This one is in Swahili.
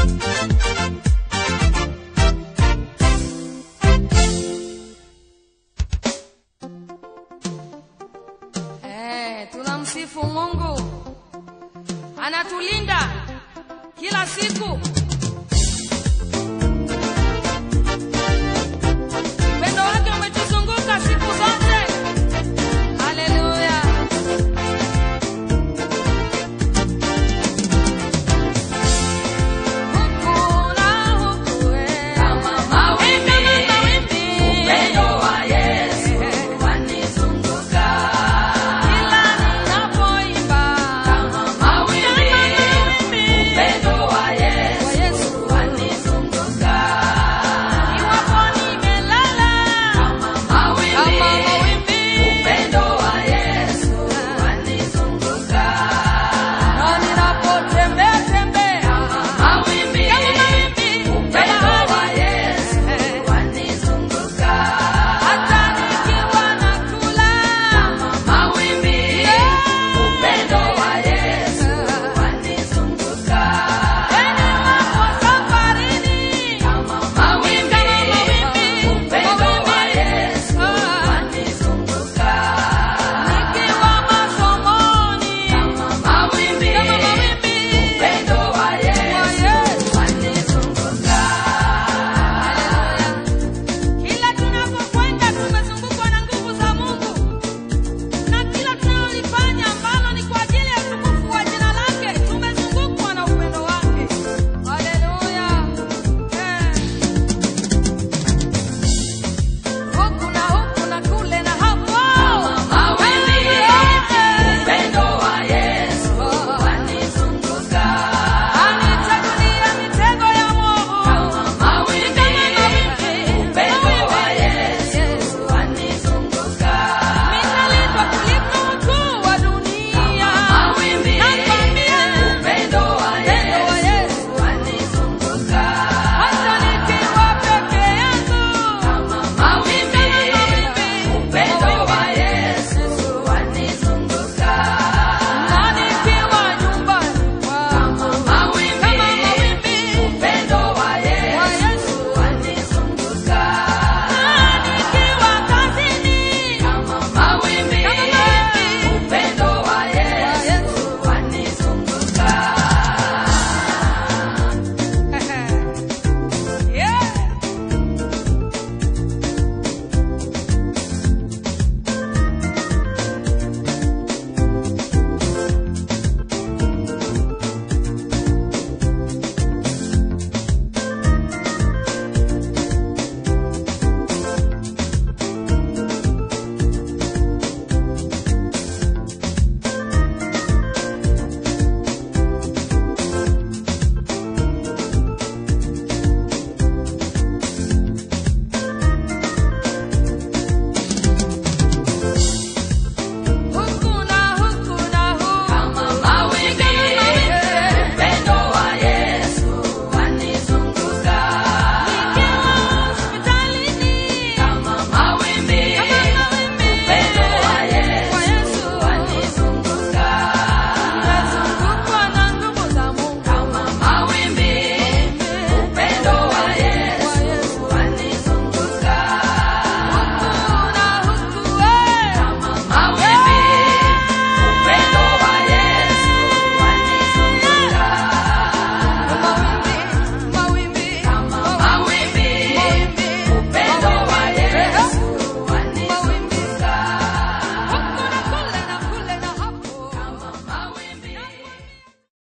Eh, Tunamsifu Mungu, anatulinda kila siku. Come on.